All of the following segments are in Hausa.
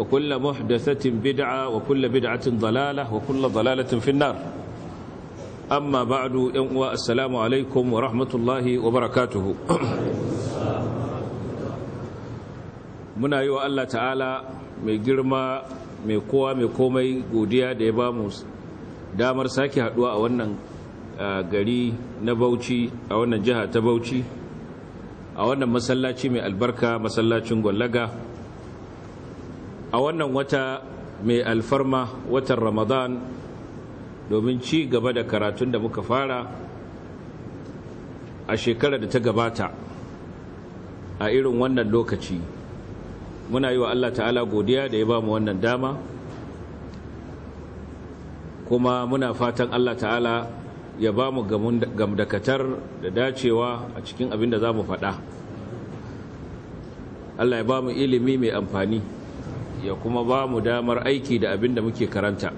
وكل محدثة بدعة وكل بدعة ضلالة وكل ضلالة في النار أما بعد ينقوى السلام عليكم ورحمة الله وبركاته muna yi wa Allah ta'ala mai girma mai kowa mai komai godiya da ya bamu damar sake haduwa a wannan gari na bauchi a wannan jiha ta bauchi a wannan masallaci mai albarka masallacin gwallaga a wannan wata mai alfarma watan ramadan domin ci gaba da karatun da muka fara a shekarar da ta gabata a irin wannan lokaci muna yi wa Allah ta'ala godiya da ya ba mu wannan dama kuma muna fatan Allah ta'ala ya ba mu gamdakatar da dacewa a cikin abin da za mu faɗa Allah ya ba mu ilimi mai amfani ya kuma ba mu damar aiki da abin da muke karanta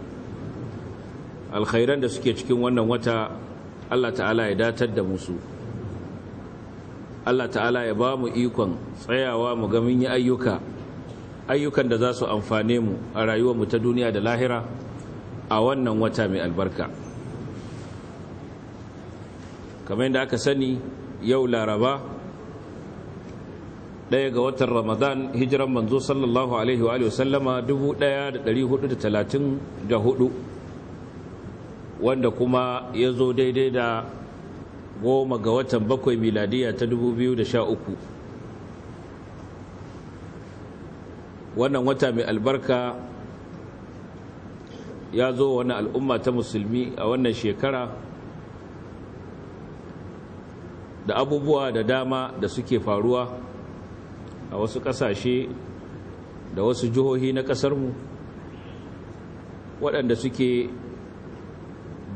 alkhairan da suke cikin wannan wata Allah ta'ala ya datar da musu Allah ta'ala ya ba mu ikon tsayawa mu ga mun yi ayyuka ayyukan da za su amfane mu a rayuwar mu ta duniya da lahira a wannan wata mai albarka kamar yadda aka sani yau laraba ɗaya ga watan ramadan hijiran manzo sallallahu alaihi wa sallama 1434 wanda kuma ya zo daidai da goma ga watan bakwai miladiya ta 2013 wannan wata mai albarka ya zo wani al'umma ta musulmi a wannan shekara da abubuwa da dama da suke faruwa a wasu ƙasashe da wasu jihohi na ƙasarmu waɗanda suke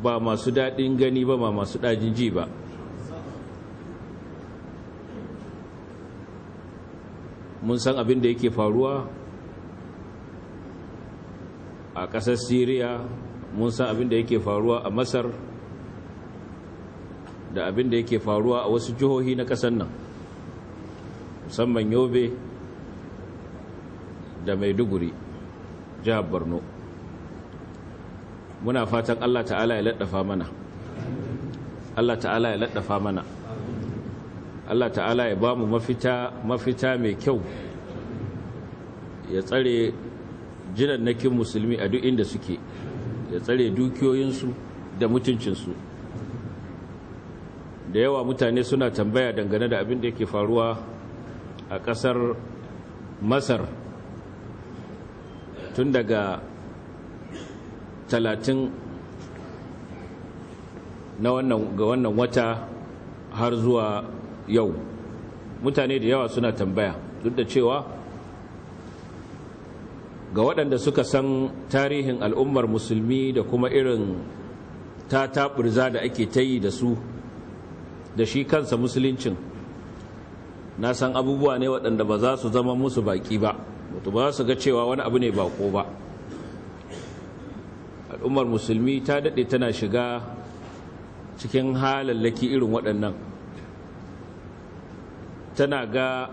ba masu daɗin gani ba ba masu ɗajin ji ba mun san abin da yake faruwa a ƙasar siriya mun san abin da yake faruwa a masar da abin da yake faruwa a wasu jihohi na ƙasar nan musamman yobe da maiduguri jihar borno muna fatan allah ta'ala ya laddafa mana allah ta'ala ya laddafa mana allah ta'ala ya ba mu mafita mafita mai kyau ya tsare jinannakin musulmi a duk inda suke ya tsare dukiyoyinsu da mutuncinsu da yawa mutane suna tambaya dangane da abin da yake faruwa a ƙasar masar tun daga talatin na wannan ga wannan wata har zuwa yau mutane da yawa suna tambaya duk da cewa ga waɗanda suka san tarihin al'ummar musulmi da kuma irin ta taɓurza da ake ta yi da su da shi kansa musuluncin na san abubuwa ne waɗanda ba za su zama musu baƙi ba wato ba su ga cewa wani abu ne baƙo ba al'ummar musulmi ta daɗe tana shiga cikin halallaki irin waɗannan tana ga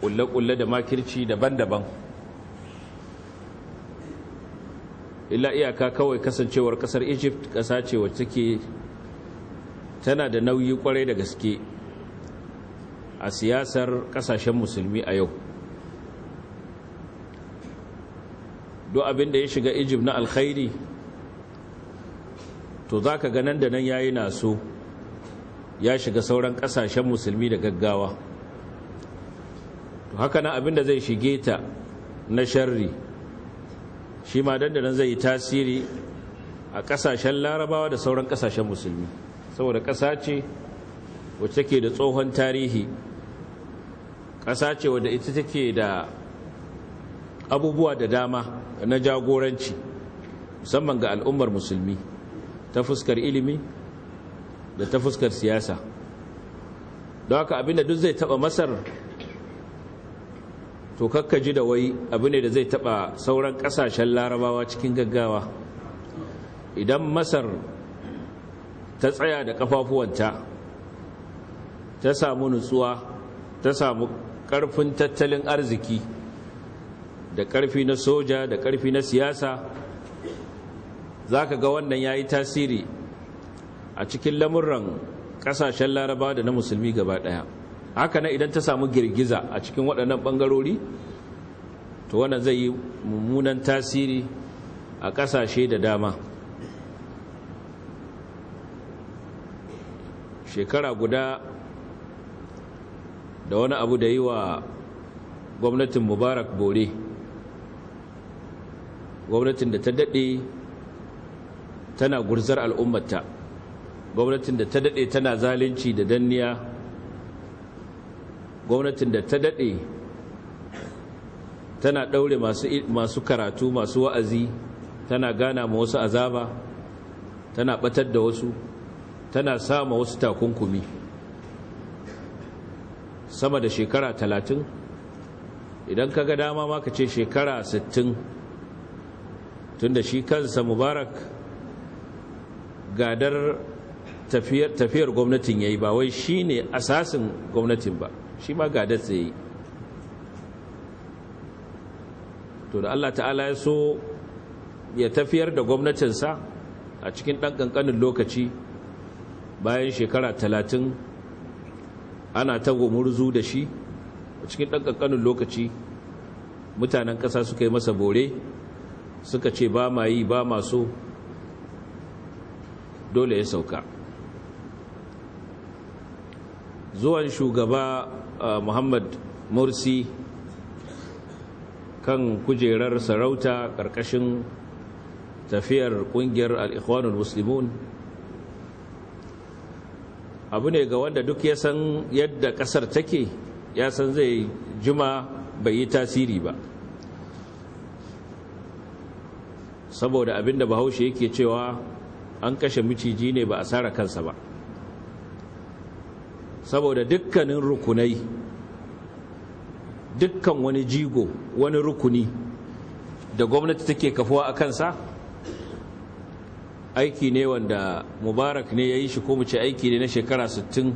ƙulle-ƙulle da makirci daban-daban illa iyaka kawai kasancewar ƙasar egypt ƙasa ce wacce ke tana da nauyi ƙwarai da gaske a siyasar kasashen musulmi a yau duk abin da ya shiga ijib na alkhairi to za ka ganin da nan yayi naso ya shiga sauran kasashen musulmi da gaggawa to haka nan abin da zai shige ta na sharri shi ma dandanan zai yi tasiri a kasashen larabawa da sauran kasashen musulmi saboda ƙasa ce wacce ke da tsohon tarihi ƙasa ce wadda ita take da abubuwa da dama na jagoranci musamman ga al'ummar musulmi ta fuskar ilimi da ta fuskar siyasa don haka abinda duk zai taba masar to kakkaji da wai abu ne da zai taba sauran kasashen larabawa cikin gaggawa idan masar ta tsaya da kafafuwanta ta samu nutsuwa ta samu ƙarfin tattalin arziki da ƙarfi na soja da ƙarfi na siyasa za ka ga wannan ya yi tasiri a cikin lamuran ƙasashen laraba da na musulmi gaba ɗaya haka na idan ta samu girgiza a cikin waɗannan ɓangarori to wannan zai yi mummunan tasiri a ƙasashe da dama shekara guda da wani abu da yi wa gwamnatin mubarak bore gwamnatin da ta daɗe tana gurzar al'ummata gwamnatin da ta daɗe tana zalunci da danniya gwamnatin da ta daɗe tana ɗaure masu karatu masu wa'azi tana gana ma wasu azaba tana batar da wasu tana sama wasu takunkumi sama da shekara talatin idan ka ga dama ma ka ce shekara sittin tun da shi kansa mubarak gadar tafiyar gwamnatin ya yi ba wai shi ne asasin gwamnatin ba shi ma gadar zai yi to da allah ta'ala ya so ya tafiyar da gwamnatinsa a cikin ɗan ƙanƙanin lokaci bayan shekara talatin ana ta murzu da shi a cikin ɗan ƙanƙanin lokaci mutanen ƙasa suka yi masa bore suka ce ba ma yi ba ma so dole ya sauka zuwan shugaba muhammad morsi kan kujerar sarauta ƙarƙashin tafiyar ƙungiyar al'ikwanul muslimun abu ne ga wanda duk ya san yadda kasar take ya san zai juma bai yi tasiri ba saboda abinda bahaushe yake cewa an kashe miciji ne ba a tsara kansa ba saboda dukkanin rukunai dukkan wani jigo wani rukuni da gwamnati take kafuwa a kansa aiki ne wanda mubarak ne ya yi shi ko mu aiki ne na shekara 60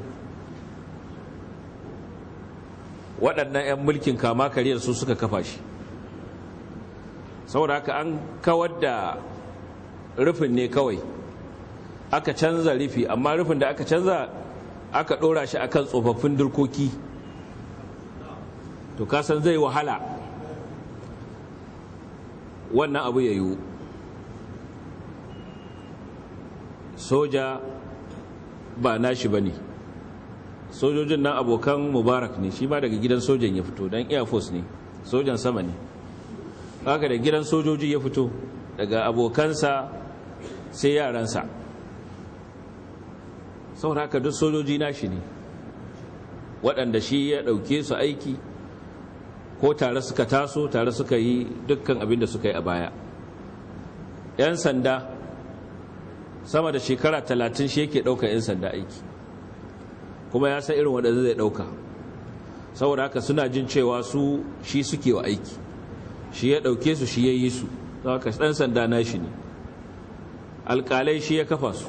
waɗannan 'yan mulkin kama kariyar su suka kafa shi saboda haka an kawar da rufin ne kawai aka canza rufi amma rufin da aka canza aka ɗora shi akan tsofaffin durkoki, to kasan zai wahala wannan abu ya yiwu soja ba nashi ba ne sojojin nan abokan mubarak ne shi ma daga gidan sojan ya fito don air force ne sojan sama ne haka da gidan sojoji ya fito daga abokansa sai yaransa saboda haka duk sojoji nashi ne waɗanda shi ya ɗauke su aiki ko tare suka taso tare suka yi dukkan abin da suka yi a baya 'yan sanda sama da shekara talatin shi yake ɗauka 'yan sanda aiki kuma ya san irin waɗanda zai ɗauka saboda haka suna jin cewa su shi suke wa aiki shi ya ɗauke su shi ya yi su haka ɗan sanda na shi ne alƙalai shi ya kafa su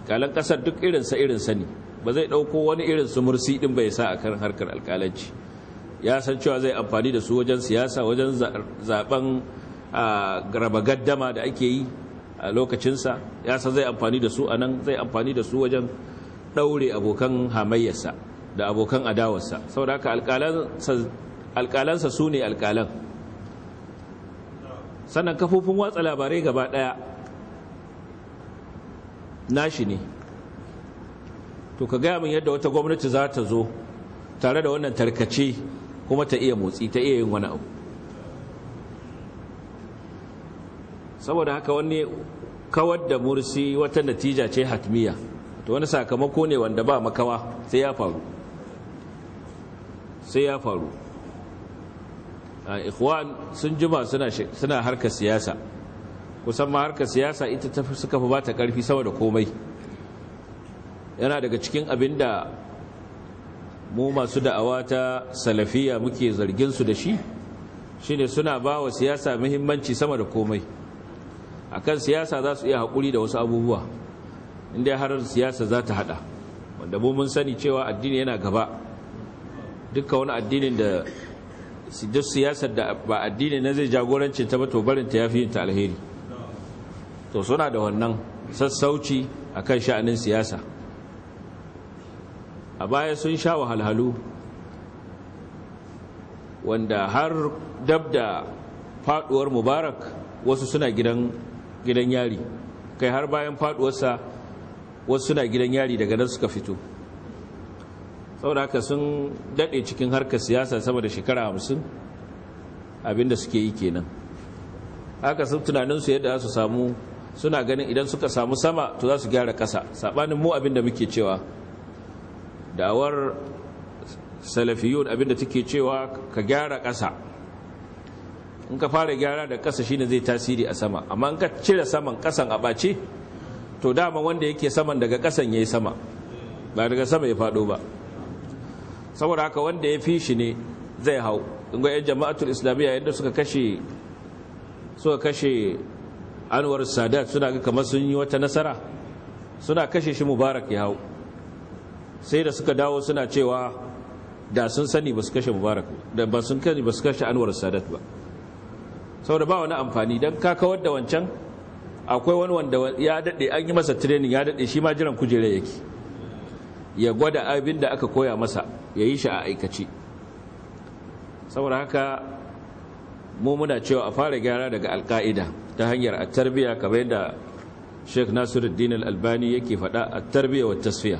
alƙalan ƙasar duk irinsa irinsa ne ba zai ɗauko wani irin su mursi ɗin bai sa a kan harkar alƙalanci ya san cewa zai amfani da su wajen siyasa wajen zaɓen ah, raba gaddama da ake yi a lokacinsa ya san zai amfani da su a nan zai amfani da su wajen ɗaure abokan hamayyarsa da abokan adawarsa saboda haka alƙalansa su ne alƙalan sannan kafofin watsa labarai gaba ɗaya nashi ne to ka gaya min yadda wata gwamnati za ta zo tare da wannan tarkace kuma ta iya motsi ta iya yin wani abu saboda haka wani kawar da mursi wata natija ce hatmiya to wani sakamako ne wanda ba makawa sai ya faru sai ya faru a ikhwan sun jima suna harkar siyasa kusan ma harkar siyasa ita ta suka fi bata karfi sama da komai yana daga cikin abin da mu masu da'awa ta salafiya muke zargin su da shi shine suna ba wa siyasa muhimmanci sama da komai akan siyasa za su iya haƙuri da wasu abubuwa inda har siyasa za ta haɗa wanda mu mun sani cewa addini yana gaba dukkan wani addinin da duk siyasar da ba addini na zai jagoranci ta ba to barin ta yafi yin ta alheri to suna da wannan sassauci akan sha'anin siyasa a baya sun sha wahalhalu wanda har dab da faɗuwar mubarak wasu suna gidan gidan yari kai har bayan faduwarsa wasu suna gidan yari daga nan suka fito saboda haka sun daɗe cikin harkar siyasa sama da shekara hamsin abinda suke yi kenan haka sun tunaninsu yadda za su samu suna ganin idan suka samu sama to za su gyara ƙasa saɓanin mu abinda muke cewa dawar salafiyun abinda take cewa ka gyara ƙasa in ka fara gyara da kasa shine zai tasiri a sama amma in ka cire saman kasan a ɓace to dama wanda yake saman daga kasan ya yi sama ba daga sama ya faɗo ba saboda haka wanda ya fi shi ne zai hau ga yan jama'atul islamiyya yadda suka kashe suka kashe anwar sadat suna ga kamar sun yi wata nasara suna kashe shi mubarak ya hau sai da suka dawo suna cewa da sun sani ba su kashe mubarak da ba sun kashe anwar sadat ba saboda ba wani amfani don kakawar da wancan akwai wani wanda ya daɗe an yi masa training ya daɗe shi ma jiran kujerar yake ya gwada abin da aka koya masa ya yi shi a aikace saboda haka mu muna cewa a fara gyara daga alka'ida ta hanyar a tarbiya kamar yadda sheikh nasiru nasiruddin albani yake faɗa a tarbiya wa tasfiya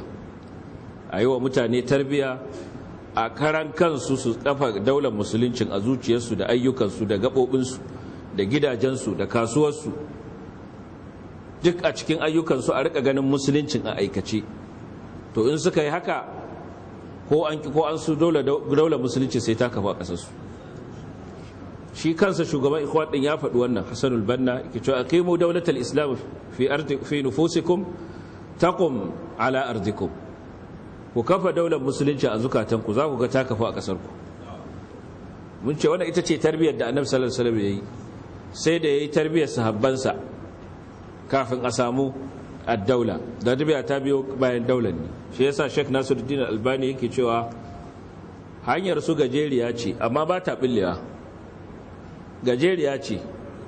a yi wa mutane tarbiya a karan kansu su kafa daular musuluncin a zuciyarsu da ayyukansu da gaɓoɓinsu da gidajensu da kasuwarsu duk a cikin ayyukansu a rika ganin musuluncin a aikace to in suka yi haka ko an ko an su dole musulunci sai ta kafa su shi kansa shugaban ikhwan din ya faɗi wannan hasanul banna yake cewa aqimu dawlatal islam fi ardi fi nufusikum taqum ala ardikum ku kafa daular musulunci a zukatanku za ku ga ta kafa a ku mun ce wannan ita ce tarbiyyar da annabi sallallahu alaihi wasallam yayi sai da ya yi tarbiyyar sahabbansa kafin a samu addaula da tarbiyyar ta biyo bayan daular ne shi yasa sheikh nasiruddin albani yake cewa hanyar su gajeriya ce amma ba ta billewa gajeriya ce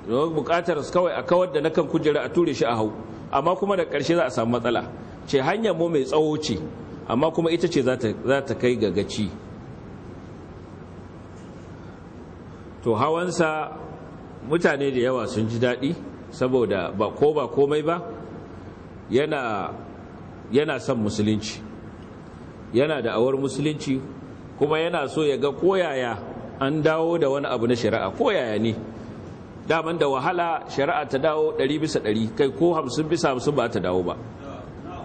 domin bukatar su kawai a kawar da nakan kujera a ture shi a hau amma kuma da karshe za a samu matsala ce hanyar mu mai tsawo ce amma kuma ita ce za ta kai ga gaci to hawansa mutane da yawa sun ji daɗi saboda ba ko ba komai ba yana son musulunci yana da awar musulunci kuma yana so ya ga koyaya an dawo da wani abu na shari'a koyaya ne daman da wahala shari'a ta dawo 100 bisa 100 kai ko 50 bisa 50 ba ta dawo ba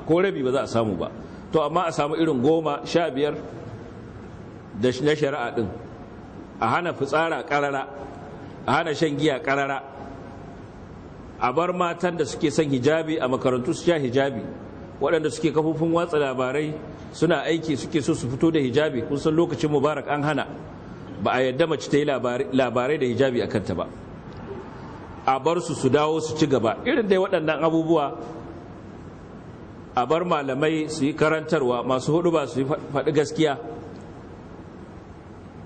ko rabi ba za a samu ba to amma a samu irin goma sha biyar da na shari'a din a hana fitsara karara a hana shan giya karara a bar matan da suke son hijabi a makarantu su sha hijabi waɗanda suke kafofin watsa labarai suna aiki suke so su fito da hijabi kun san lokacin mubarak an hana ba a yadda mace ta yi labarai da hijabi a kanta ba a bar su su dawo su ci gaba irin dai waɗannan abubuwa a bar malamai su yi karantarwa masu hudu ba su yi faɗi gaskiya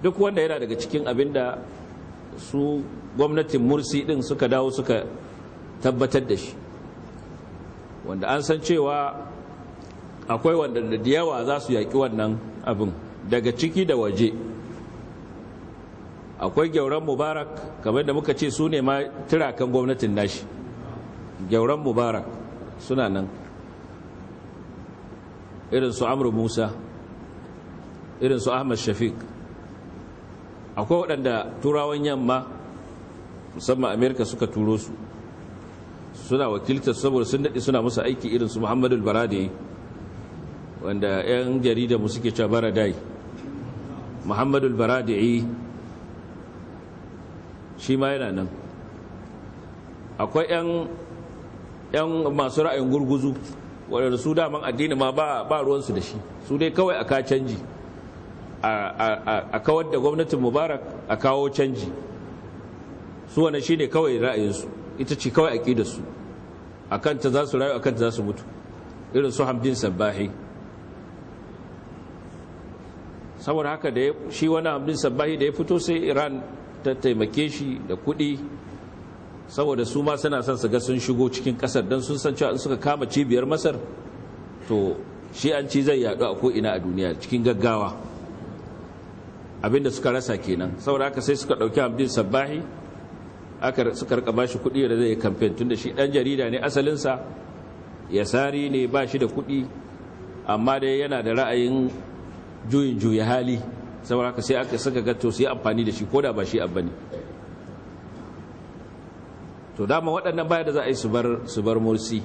duk wanda yana daga cikin abin da su gwamnatin mursi din suka dawo suka tabbatar da shi wanda an san cewa akwai wanda da yawa za su yaƙi wannan abin daga ciki da waje akwai gyauran mubarak kamar da muka ce su ne ma turakan gwamnatin nashi gyauran mubarak suna nan irin su amur musa irin su ahmad shafiq akwai waɗanda turawan yamma musamman amerika suka turo su suna wakiltar saboda sun daɗe suna musu aiki irin su muhammadu barade wanda 'yan jarida mu suke cewa baradai muhammadu barade shi ma yana nan akwai 'yan masu ra'ayin gurguzu waɗanda su daman addini ma ba ruwansu da shi su dai kawai a ka canji a kawar da gwamnatin mubarak a kawo canji su wane shi ne kawai ra'ayinsu ita ce kawai aƙidarsu a kanta za su rayu a kanta za su mutu irin su hamdin sabbahi saboda haka da shi wani hamdin sabbahi da ya fito sai iran ta taimake shi da kuɗi saboda su ma suna son su ga sun shigo cikin ƙasar don sun san cewa in suka kama cibiyar masar to shi an ci zai yaɗu a ko'ina a duniya cikin gaggawa abinda suka rasa kenan saboda haka sai suka dauki Abdul Sabbahi aka suka rika bashi kuɗi da zai campaign tunda shi dan jarida ne asalin sa yasari ne bashi da kuɗi amma dai yana da ra'ayin juyin juyi hali saboda haka sai aka saka gato sai amfani da shi koda ba shi abba to dama waɗannan baya da za a yi su bar su bar mursi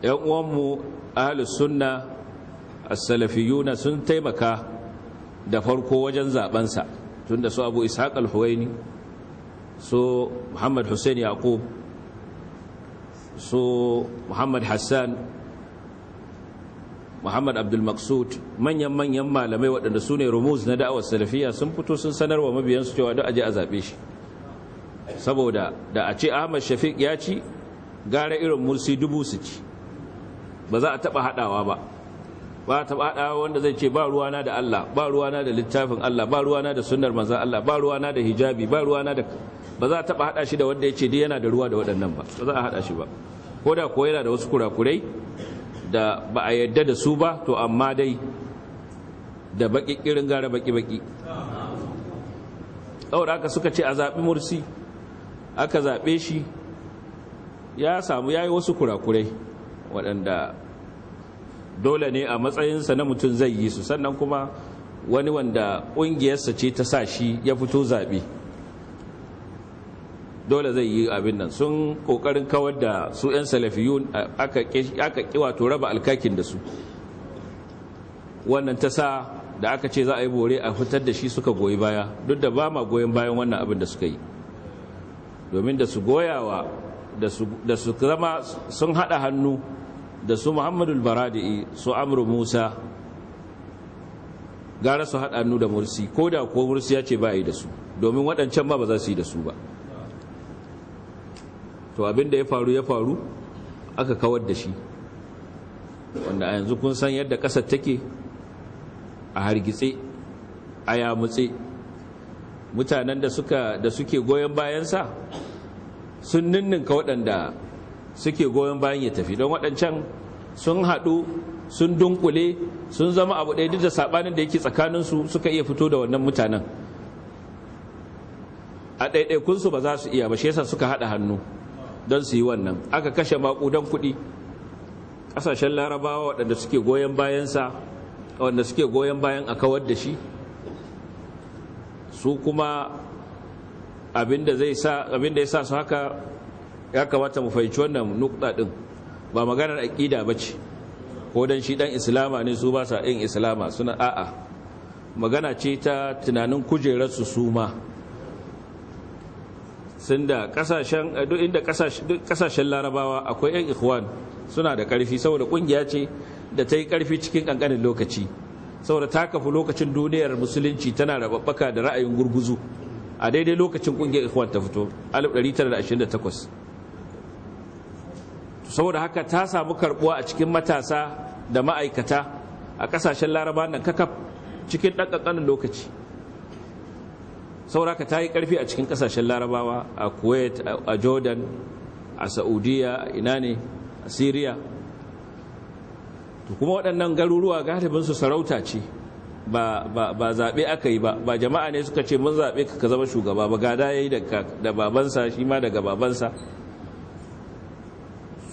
‘yan uwanmu ahlus sunna as-salafiyuna sun taimaka da farko wajen zabensa tun da su abu ishaq al-huwaini su muhammad hussein yaqub su muhammad hassan muhammad abdul maksud manyan manyan malamai waɗanda su ne rumuz na da'awar salafiya sun fito sun sanar wa mabiyansu cewa duk aje a zaɓe shi saboda da a ce ahmad shafiq ya ci gara irin mursi dubu su ci ba za a taɓa haɗawa ba ba ta bada wanda zai ce ba ruwana da Allah ba ruwana da littafin Allah ba ruwana da sunnar manzon Allah ba ruwana da hijabi ba ruwana da ba za ta bada shi da wanda ya ce dai yana da ruwa da waɗannan ba ba za a hada shi ba ko da ko yana da wasu kurakurai da ba a yadda da su ba to amma dai da baki kirin gara baki baki saboda haka suka ce a zaɓi mursi aka zaɓe shi ya samu ya yi wasu kurakurai waɗanda dole ne a matsayinsa na mutum zai yi su sannan kuma wani wanda ƙungiyarsa ce ta sa shi ya fito zaɓe dole zai yi abin nan sun ƙoƙarin kawar da su 'yan salafiyun aka ƙi wato raba alkakin da su wannan ta sa da aka ce za a yi bore a fitar da shi suka goyi baya duk da ba ma goyon bayan wannan abin da suka yi domin da su goyawa da su zama sun haɗa hannu da su muhammadu baradi'i su amru musa gara su haɗa hannu da mursi ko da kuwa mursi ya ce ba yi da su domin waɗancan ba ba za su yi da su ba to abin da ya faru ya faru aka kawar da shi wanda a yanzu kun san yadda ƙasar take a hargitse a yamutse mutanen da suke goyon bayansa sun ninninka waɗanda suke goyon bayan ya tafi don waɗancan sun haɗu sun dunkule sun zama abu ɗaya duk da saɓanin da yake su suka iya fito da wannan mutanen a ɗaiɗaikunsu ba za su iya ba shi yasa suka haɗa hannu don su yi wannan aka kashe maƙudan kuɗi ƙasashen larabawa waɗanda suke goyon bayansa waɗanda suke goyon bayan a kawar da shi su kuma abin da ya sa su haka ya kamata mu fahimci wannan nukta din ba maganar aqida bace ko dan shi dan islama ne su ba sa yin islama suna a'a magana ce ta tunanin kujerar su suma sun kasashen eh, inda kasashen larabawa akwai yan ikhwan suna da ƙarfi saboda kungiya ce da ta yi ƙarfi cikin ƙanƙanin lokaci saboda ta kafa lokacin duniyar musulunci tana rababbaka da ra'ayin gurguzu a daidai lokacin kungiyar ikhwan ta fito 1928 saboda haka ta samu karbuwa a cikin matasa da ma'aikata a kasashen laraba nan kakaf cikin ɗan lokaci saboda ta yi ƙarfi a cikin kasashen larabawa a kuwait a jordan a saudiya a ina ne a syria kuma waɗannan garuruwa galibin su sarauta ce ba zaɓe aka yi ba ba jama'a ne suka ce mun zaɓe ka zama shugaba ba gada ya yi da babansa shi ma daga babansa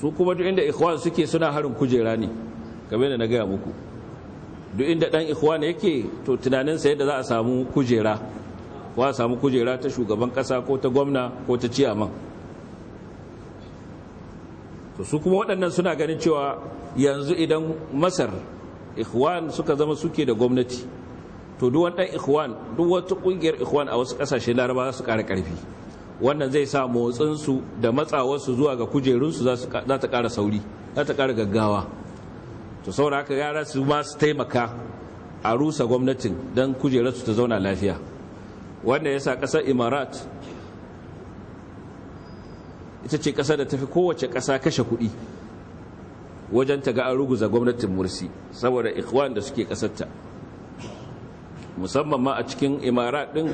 su kuma duk inda ikhwan suke suna harin kujera ne game da na gaya muku duk inda dan ikhwan yake to tunaninsa yadda za a samu kujera ko a samu kujera ta shugaban kasa ko ta gwamna ko ta ciyaman to su kuma waɗannan suna ganin cewa yanzu idan masar ikhwan suka zama suke da gwamnati to duk wani ɗan ikhwan duk wata kungiyar ikhwan a wasu kasashe laraba su ƙara ƙarfi wannan zai sa motsinsu da matsawarsu zuwa ga kujerunsu za ta ƙara sauri za ta ƙara gaggawa to saura haka yara su ma taimaka a rusa gwamnatin don kujerarsu ta zauna lafiya wanda ya sa ƙasar imarat ita ce ƙasa da tafi kowace ƙasa kashe kuɗi wajen ta ga an ruguza gwamnatin mursi saboda ikwan da suke ƙasarta musamman ma a cikin imarat ɗin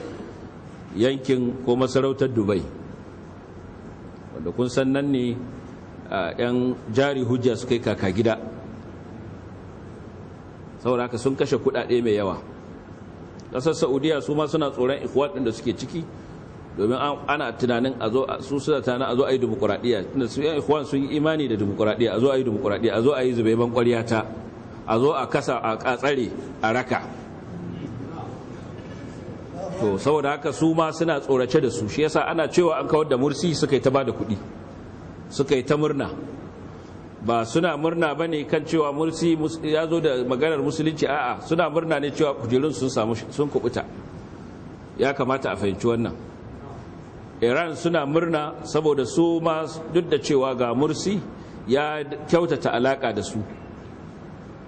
yankin ko masarautar dubai wanda kun san nan ne yan jari hujja su kai kaka gida saboda haka sun kashe kudade mai yawa ƙasar saudiya su ma suna tsoron ikhwatin da suke ciki domin ana tunanin a zo su suna na a zo a yi demokuraɗiyya tunan su yan ikhwan sun yi imani da demokuraɗiyya a zo a yi demokuraɗiyya a zo a yi zube ƙwarya a zo a kasa a tsare a raka to saboda haka su ma suna tsorace da su shi yasa ana cewa an kawar da mursi suka yi ta bada kuɗi suka yi ta murna ba suna murna ba ne kan cewa mursi ya zo da maganar musulunci a'a suna murna ne cewa kujerun sun samu sun kubuta ya kamata a fahimci wannan iran suna murna saboda su ma duk da cewa ga mursi ya kyautata alaka da su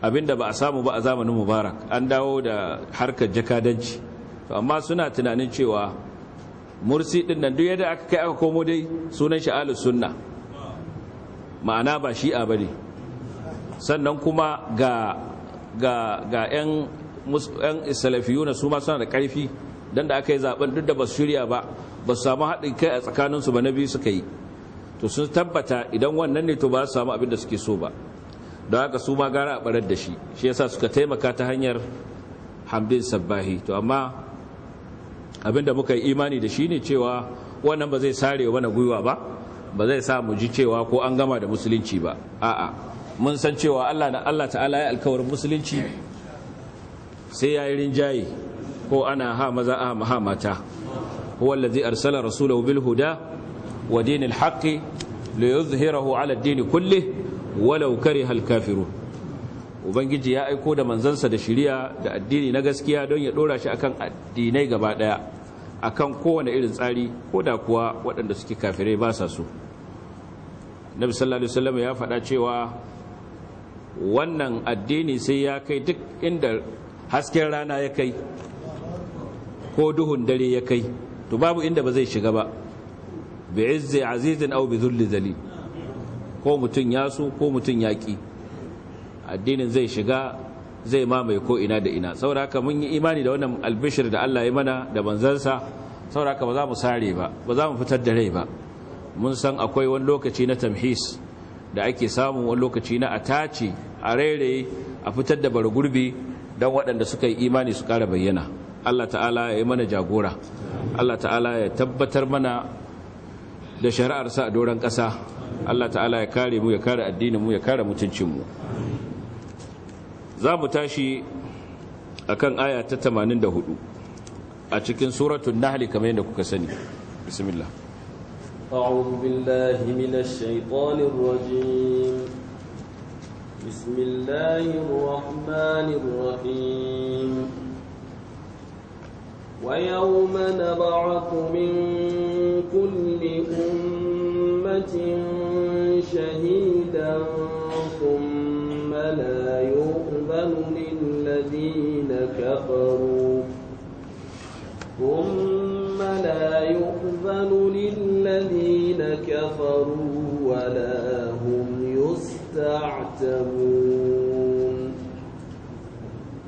abinda ba a samu ba a zamanin mubarak an dawo da harkar jakadanci to amma suna tunanin cewa mursi din nan duk yadda aka kai aka komo dai sunan shi ahlus sunna ma'ana ba shi a bane sannan kuma ga ga ga ƴan yan salafiyuna su ma suna da ƙarfi dan da aka yi zaben duk da ba shirya ba ba su samu haɗin kai a tsakanin su ba na biyu suka yi to sun tabbata idan wannan ne to ba su samu abin da suke so ba don haka su ma gara a barar da shi shi yasa suka taimaka ta hanyar hamdin sabbahi to amma abinda muka yi imani da shi ne cewa wannan ba zai sare mana gwiwa ba ba zai sa mu ji cewa ko an gama da musulunci ba a'a mun san cewa Allah na Allah ta'ala ya alkawarin musulunci sai ya yi rinjaye ko ana ha maza a ha mata huwa allazi arsala rasulahu bil huda wa dinil haqqi li yuzhirahu ala ad-din kulli walau kariha al-kafirun ubangiji ya aiko da manzansa da shiriya da addini na gaskiya don ya dora shi akan addinai gaba daya akan kowane irin tsari ko da kuwa waɗanda suke kafirai ba sa so na sallallahu alaihi ya faɗa cewa wannan addini sai ya kai duk inda hasken rana ya kai ko duhun dare ya kai to babu inda ba zai shiga ba bi izzi azizin au bi zulli zali ko mutum ya so ko mutum ya ki addinin zai shiga zai mamaye ko ina da ina saboda haka mun yi imani da wannan albishir da Allah ya mana da manzansa saboda haka ba za mu sare ba ba za mu fitar da rai ba mun san akwai wani lokaci na tamhis da ake samu wani lokaci na atace a rairaye a fitar da bargurbi don waɗanda suka yi imani su ƙara bayyana Allah ta'ala ya yi mana jagora Allah ta'ala ya tabbatar mana da shari'arsa a doron ƙasa Allah ta'ala ya kare mu ya kare addinin mu ya kare mutuncin mu za mu tashi a kan aya ta 84 a cikin suratun nahali kamar yadda kuka sani bismillah أعوذ بالله من الشيطان الرجيم بسم الله الرحمن الرحيم ويوم نبعث من كل أمة كفروا ثم لا يؤذن للذين كفروا ولا هم يستعتبون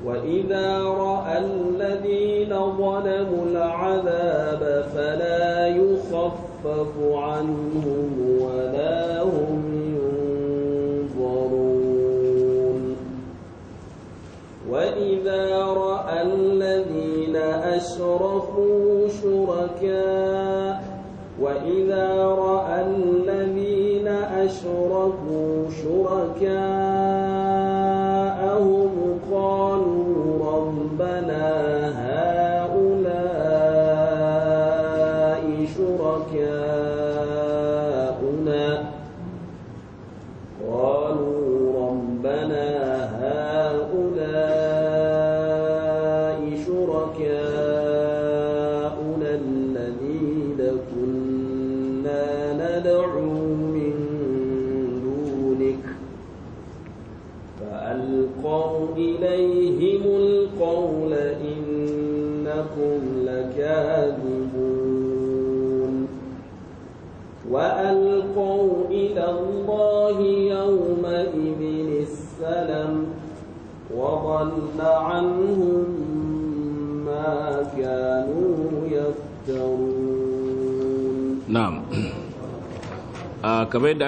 وإذا رأى الذين ظلموا العذاب فلا يخفف عنهم ولا أشرفوا شركاء وإذا رأى الذين أشركوا شركاء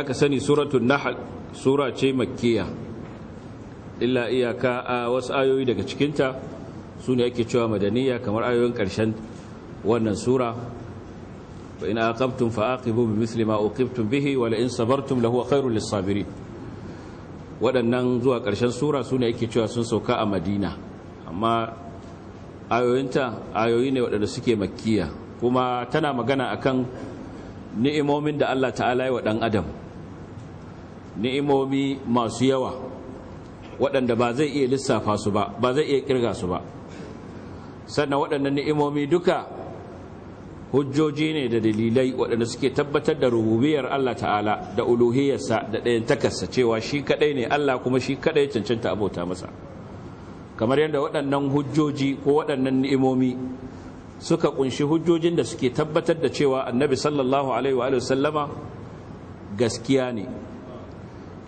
da aka sani suratul nahl sura ce makkiya illa iyaka a wasu ayoyi daga cikinta su ne ake cewa madaniya kamar ayoyin ƙarshen wannan sura fa ina aqabtum fa aqibu bi misli ma uqibtum bihi wa la in sabartum lahu khairul lisabirin waɗannan zuwa ƙarshen sura su ne ake cewa sun sauka a madina amma ayoyinta ayoyi ne waɗanda suke makkiya kuma tana magana akan ni'imomin da Allah ta'ala ya wa ɗan adam ni'imomi masu yawa waɗanda ba zai iya lissafa su ba ba zai iya kirga su ba sannan waɗannan ni'imomi duka hujjoji ne da dalilai waɗanda suke tabbatar da rububiyar Allah ta'ala da uluhiyarsa da ɗayan takarsa cewa shi kaɗai ne Allah kuma shi kaɗai cancanta abota masa kamar yadda waɗannan hujjoji ko waɗannan ni'imomi suka ƙunshi hujjojin da suke tabbatar da cewa annabi sallallahu alaihi wa sallama gaskiya ne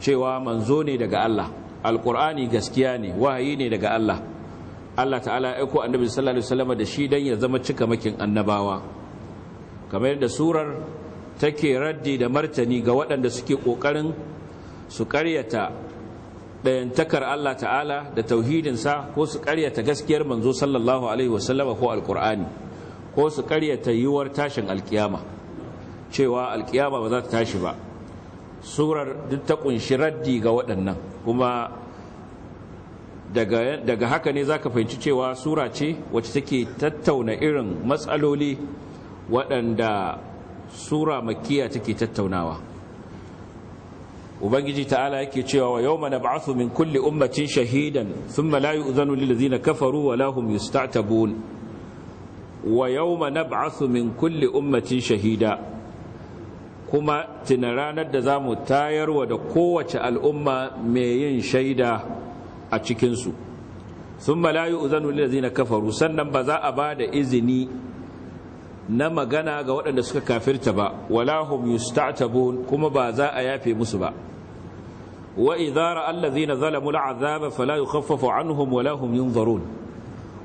cewa manzo ne daga Allah Alƙur'ani gaskiya ne wahayi ne daga Allah Allah ta'ala ya aiko annabi sallallahu alaihi wasallam da shi dan ya zama cika makin annabawa kamar yadda surar take raddi da martani ga waɗanda suke ƙoƙarin su ƙaryata ɗayantakar Allah ta'ala da sa ko su ƙaryata gaskiyar manzo sallallahu alaihi wasallam ko alƙur'ani ko su ƙaryata yiwuwar tashin alƙiyama cewa alƙiyama ba za ta tashi ba surar duk ta kunshi raddi ga waɗannan kuma daga haka ne za ka fahimci cewa sura ce wacce take tattauna irin matsaloli waɗanda sura makiya take tattaunawa ubangiji ta'ala yake cewa wa yawma nab'athu min kulli ummatin shahidan thumma la yu'zanu lil ladzina kafaru wa lahum yusta'tabun wa yawma nab'athu min kulli ummatin shahida kuma tina ranar da za mu tayarwa da kowace al'umma mai yin shaida a cikinsu sun malayu uzanu lila na kafaru sannan ba za a ba da izini na magana ga waɗanda suka kafirta ba walahum yusta'tabun kuma ba za a yafe musu ba wa idara allazina zalamu al'azaba fala yukhaffafu anhum wala hum yunzarun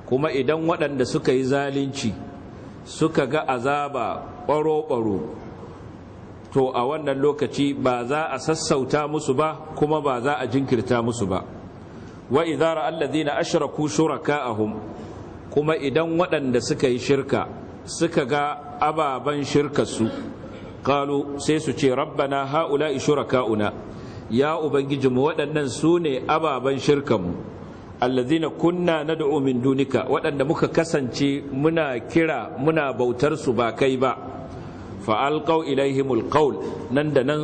kuma idan waɗanda suka yi zalunci suka ga azaba ɓaro-ɓaro to a wannan lokaci ba za a sassauta musu ba kuma ba za a jinkirta musu ba wa idara allazina ashraku shuraka'ahum kuma idan waɗanda suka yi shirka suka ga ababan shirkarsu Kalu sai su ce rabbana haula'i shuraka'una ya ubangijinmu waɗannan su ne ababan shirkanmu n'a kunna na min dunika waɗanda muka kasance muna kira muna bautar su ba kai ba fa alqaw ilaihimul qawl nan da nan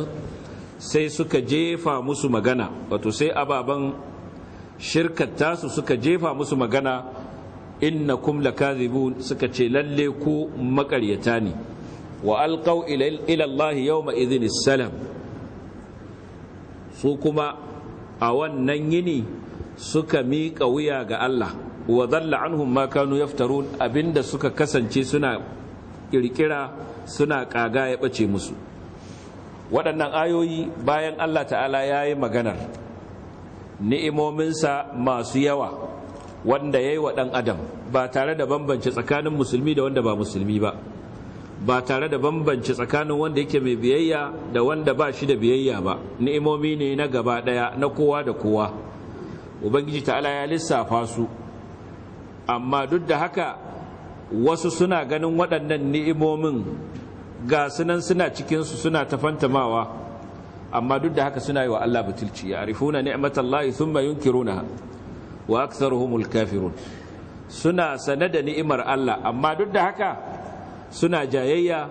sai suka jefa musu magana wato sai ababan shirkata su suka jefa musu magana kumla kazibu suka ce lalle ku makaryata ne wa alqaw ila Allah salam su kuma a wannan yini suka miƙa wuya ga Allah wa dhalla anhum ma kanu yaftarun abinda suka kasance suna kirkira suna kaga ya bace musu waɗannan ayoyi bayan Allah ta'ala ya yi maganar ni'imominsa masu yawa wanda ya yi wa ɗan adam ba tare da bambance tsakanin musulmi da wanda ba musulmi ba ba tare da bambance tsakanin wanda yake mai biyayya da wanda ba shi da biyayya ba ni'imomi ne na gaba ɗaya na kowa da kowa ubangiji ta'ala ya lissafa su amma duk da haka wasu suna ganin waɗannan ni'imomin ga sunan suna cikinsu suna ta fantamawa amma duk da haka suna yi wa Allah butulci ya arifuna sun thumma yunkirunaha wa humul kafirun suna sane da ni'imar Allah amma duk da haka suna jayayya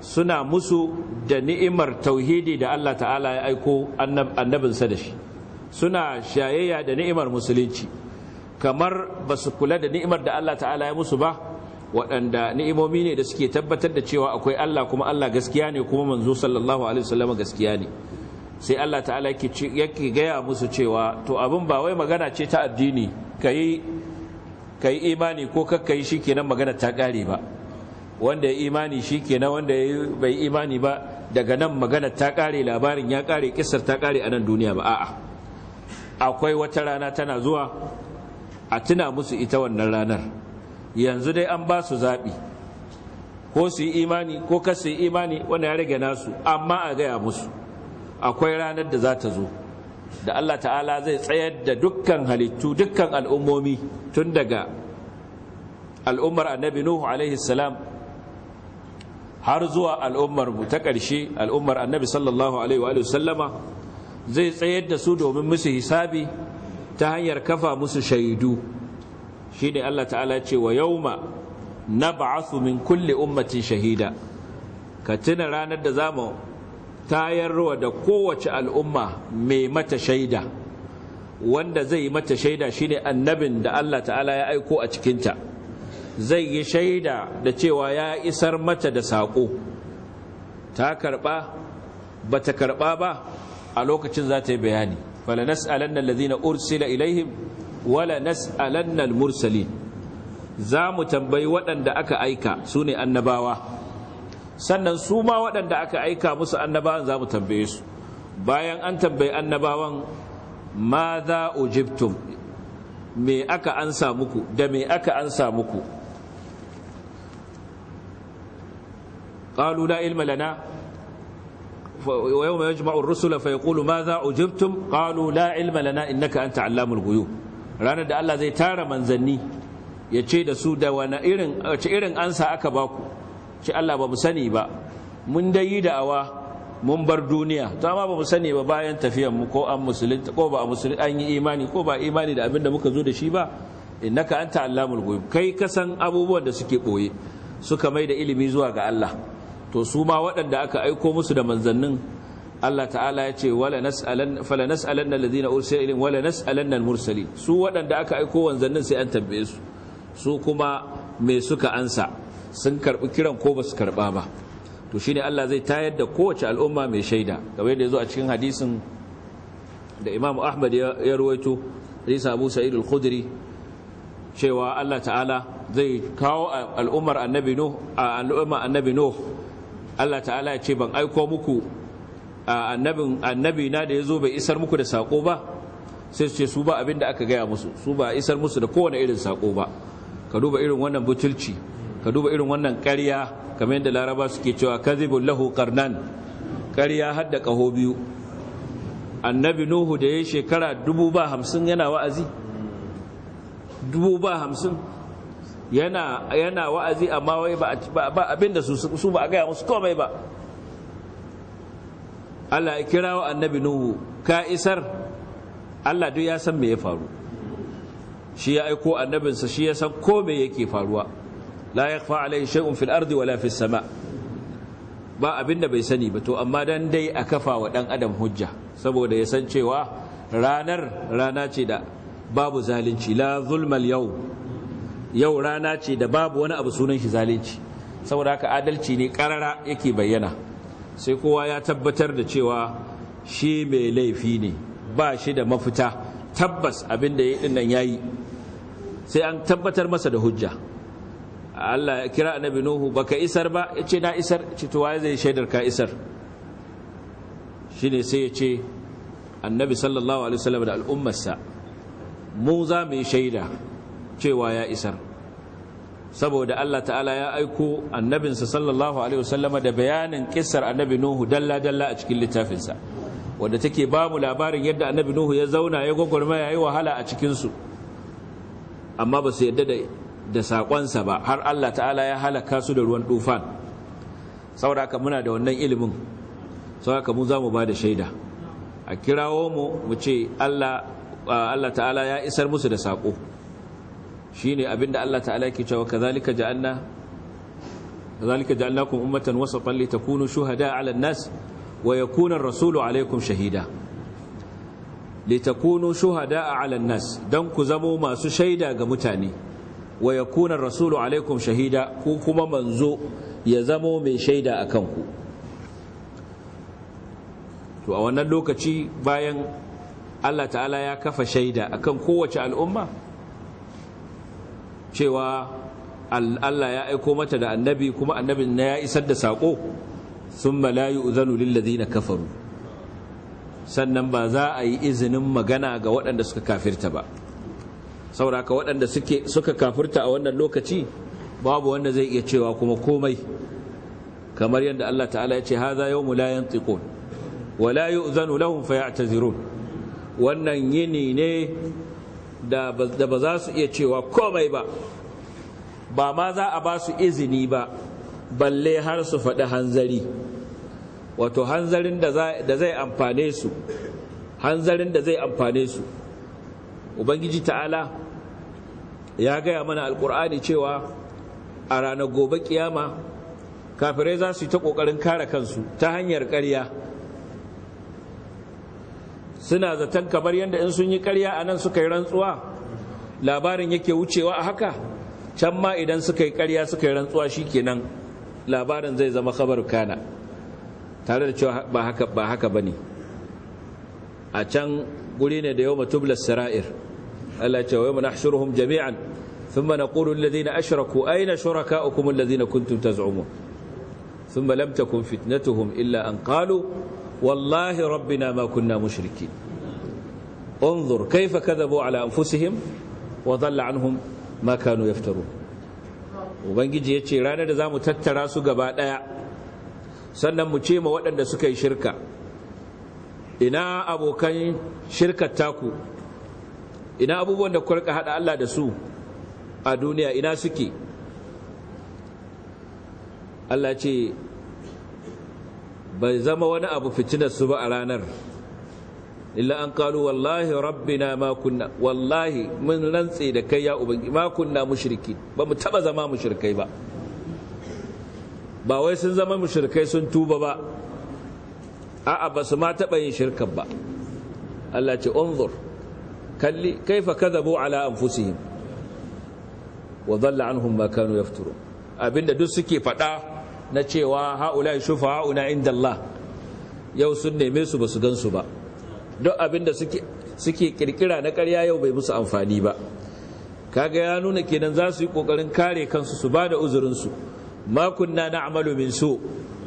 suna musu da ni'imar tauhidi da Allah ta'ala ya aiko annabinsa da shi suna shayayya da ni'imar musulunci kamar ba su kula da ni'imar da Allah ta'ala ya musu ba waɗanda ni'imomi ne da suke tabbatar da cewa akwai Allah kuma Allah gaskiya ne kuma manzo sallallahu alaihi wasallam gaskiya ne sai Allah ta'ala yake gaya musu cewa to abin ba wai magana ce ta addini kai kai imani ko kakkai shikenan magana ta kare ba wanda ya imani shikenan wanda bai imani ba daga nan magana ta kare labarin ya kare kissar ta kare a nan duniya ba a'a akwai wata rana tana zuwa a tuna musu ita wannan ranar yanzu dai an ba su zaɓi ko su yi imani ko ka yi imani wanda ya rage nasu amma a gaya musu akwai ranar da za ta zo da Allah ta'ala zai tsayar da dukkan halittu dukkan al'ummomi tun daga al'ummar annabi nuhu alaihi salam har zuwa al'ummar mu ta ƙarshe al'ummar annabi sallallahu alaihi wa sallama zai tsayar da su domin musu hisabi ta hanyar kafa musu shaidu Shi ne Allah ta'ala ce wa yau na ba'asu min kulle ummatin shahida ka tuna ranar da zamu tayarwa da kowace al'umma mai mata shaida wanda zai mata shaida shi ne annabin da Allah ta'ala ya aiko a cikinta zai yi shaida da cewa ya isar mata da saƙo ta karɓa ba ta karɓa ba a lokacin za ta yi bayani alannan lazina ursila ilaihim wala nas'alanna al-mursalin za mu tambayi waɗanda aka aika su ne annabawa sannan su ma waɗanda aka aika musu annabawan za mu tambaye su bayan an tambayi annabawan ma za ujibtum me aka ansa muku da me aka ansa muku قالوا لا علم لنا ويوم يجمع الرسل فيقول ماذا أجبتم قالوا لا علم لنا إنك أنت علام الغيوب ranar da Allah zai tara manzanni ya ce da su da wani irin wace irin ansa aka baku ce Allah ba mu sani ba mun da yi da'awa mun bar duniya to amma ba mu sani ba bayan tafiyan mu ko an musulunta ko ba an yi imani ko ba imani da abin da muka zo da shi ba innaka anta allamul ghuyub kai ka san abubuwan da suke boye suka mai da ilimi zuwa ga Allah to su ma waɗanda aka aiko musu da manzannin Allah ta'ala ya ce wala nas'alan na nas'alanna alladhina ursila wala nas'alanna al su waɗanda aka aiko wanzannin sai an tambaye su su kuma me suka ansa sun karbi kiran ko basu karɓa ba to shine Allah zai tayar da kowace al'umma mai shaida kamar yadda yazo a cikin hadisin da Imam Ahmad ya ruwaito hadisi Abu Sa'id al-Khudri cewa Allah ta'ala zai kawo al'ummar annabi Nuh al'ummar annabi Nuh Allah ta'ala ya ce ban aiko muku annabin annabi na da yazo bai isar muku da sako ba sai su ce su ba abin da aka gaya musu su ba isar musu da kowane irin sako ba ka duba irin wannan butulci ka duba irin wannan ƙarya kamar yadda laraba suke cewa kadhibul lahu qarnan ƙarya har da kaho biyu annabi nuhu da ya shekara dubu ba hamsin yana wa'azi dubu ba hamsin yana wa'azi amma wai ba abinda su ba a gaya musu komai ba Allah ya kirawo annabi Nuhu ka isar Allah duk ya san me ya faru shi ya aiko annabinsa shi ya san ko me yake faruwa la yakhfa alayhi shay'un fil ardi wala fis sama ba abinda bai sani ba to amma dan dai a kafa wa dan adam hujja saboda ya san cewa ranar rana ce da babu zalunci la zulmal yau yau rana ce da babu wani abu sunan shi zalunci saboda haka adalci ne karara yake bayyana sai kowa ya tabbatar da cewa shi mai laifi ne ba shi da mafita tabbas abin da ya yi nan ya yi sai an tabbatar masa da hujja Allah ya kira annabi Nuhu baka isar ba ya ce na isar ce to zai shaidar ka isar shine sai ya ce annabi sallallahu alaihi wasallam da al'ummarsa mu za mu yi shaida cewa ya isar saboda Allah ta'ala ya aiko annabinsa sallallahu alaihi wasallama da bayanin kissar annabi Nuhu dalla dalla a cikin littafinsa wanda take ba mu labarin yadda annabi Nuhu ya zauna ya gwagwarma ya yi wahala a cikinsu. su amma ba su yadda da da sakonsa ba har Allah ta'ala ya halaka su da ruwan tufan saboda haka muna da wannan ilimin saboda mu za mu ba da shaida a kirawo mu mu ce Allah ta'ala ya isar musu da sako shine abinda Allah ta'ala yake cewa kazalika ja'alna kazalika ja'alnakum ummatan wasatan litakunu shuhada 'ala an-nas wa yakuna ar-rasulu 'alaykum shahida litakunu shuhada 'ala an-nas dan ku zamo masu shaida ga mutane wa yakuna ar-rasulu 'alaykum shahida ku kuma manzo ya zamo mai shaida akan ku to a wannan lokaci bayan Allah ta'ala ya kafa shaida akan kowace al'umma cewa Allah ya aiko mata da annabi kuma annabin na ya isar da saƙo sun malayi uzanu lillazi na kafaru sannan ba za a yi izinin magana ga waɗanda suka kafirta ba sauraka waɗanda suka kafirta a wannan lokaci babu wanda zai iya cewa kuma komai kamar yadda Allah ta'ala ya ce haza yawmu la yantiqun wa la yu'zanu lahum fayatazirun wannan yini ne da ba za su iya cewa komai ba ba ma za a ba su izini ba balle har su faɗi hanzari wato hanzarin da zai amfane su hanzarin da zai amfane su ubangiji ta'ala ya gaya mana Alƙur'ani cewa a ranar gobe kiyama kafirai za su yi ta ƙoƙarin kare kansu ta hanyar ƙarya suna zaton kamar yadda in sun yi karya a nan suka yi rantsuwa labarin yake wucewa a haka can ma idan suka yi karya suka yi rantsuwa shi kenan labarin zai zama kabar kana tare da cewa ba haka ba haka bane a can guri ne da yawma tublas sara'ir Allah ce wa yawma nahshuruhum jami'an thumma naqulu alladhina ashraku ayna shurakaukum alladhina kuntum taz'umun thumma lam takun fitnatuhum illa an qalu wallahi rabbina ma kunna mushriki انظر كيف كذبوا على انفسهم وضل عنهم ما كانوا يفترون ubangiji yace ranar da zamu tattara su gaba daya sannan mu ce ma waɗanda suka yi shirka ina abokan shirkar taku ina abubuwan da kurka hada Allah da su a duniya ina suke Allah ce bai zama wani abu fitinar su ba a ranar illa an kalu wallahi rabbina ma kunna wallahi mun rantse da kai ya ubangi ma kunna mushriki ba mu taba zama mushrikai ba ba wai sun zama mushrikai sun tuba ba a'a ba su ma taba yin shirkan ba Allah ce unzur kalli kaifa kadhabu ala anfusihim wa dhalla anhum ma kanu yafturun abinda duk suke fada na cewa ha'ula ha'una inda Allah yau sun neme su ba su gansu ba duk abin da suke kirkira na karya yau bai musu amfani ba kaga ya nuna kenan za su yi ƙoƙarin kare kansu su ba da uzurinsu ma kunna amalu min su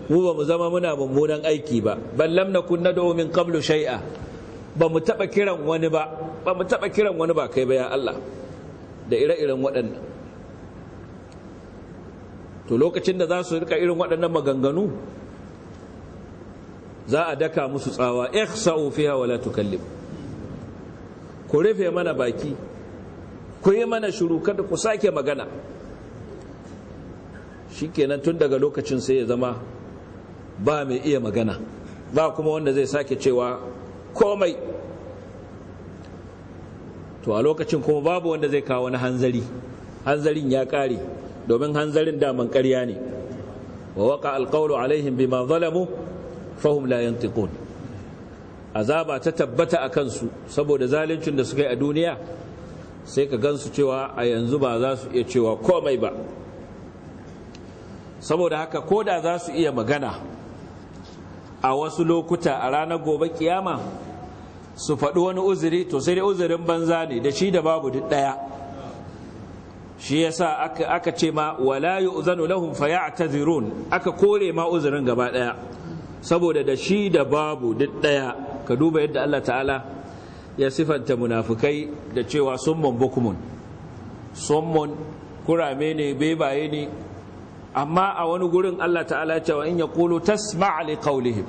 mu ba mu zama muna mummunan aiki ba ballam na kunna da min qablu shay'a ba kiran wani ba ba mu taba kiran wani ba kai ba ya Allah da ire-iren waɗannan to lokacin da za su rika irin waɗannan maganganu za a daka musu tsawa ihsa'u fiha wa latu tukallim ku rufe mana baki ku yi mana shiru kada ku sake magana shikenan tun daga lokacin sai ya zama ba mai iya magana ba kuma wanda zai sake cewa komai to a lokacin kuma babu wanda zai kawo na hanzari hanzarin ya ƙare. domin hanzarin daman karya ne wa waqa alqawlu alaihim bima zalamu fahum la yantiqun azaba ta tabbata a kansu saboda zaluncin da suka yi a duniya sai ka gansu cewa a yanzu ba za su iya cewa komai ba saboda haka ko da za su iya magana a wasu lokuta a ranar gobe kiyama su faɗi wani uzuri to sai dai uzurin banza ne da shi da babu duk ɗaya shi yasa aka ce ma wala yu'zanu lahum faya'tazirun aka kore ma uzurin gaba daya saboda da shi da babu duk daya ka duba yadda Allah ta'ala ya sifanta munafukai da cewa summun bukumun summun kurame ne bebaye ne amma a wani gurin Allah ta'ala cewa in ya kulu tasma' li qawlihim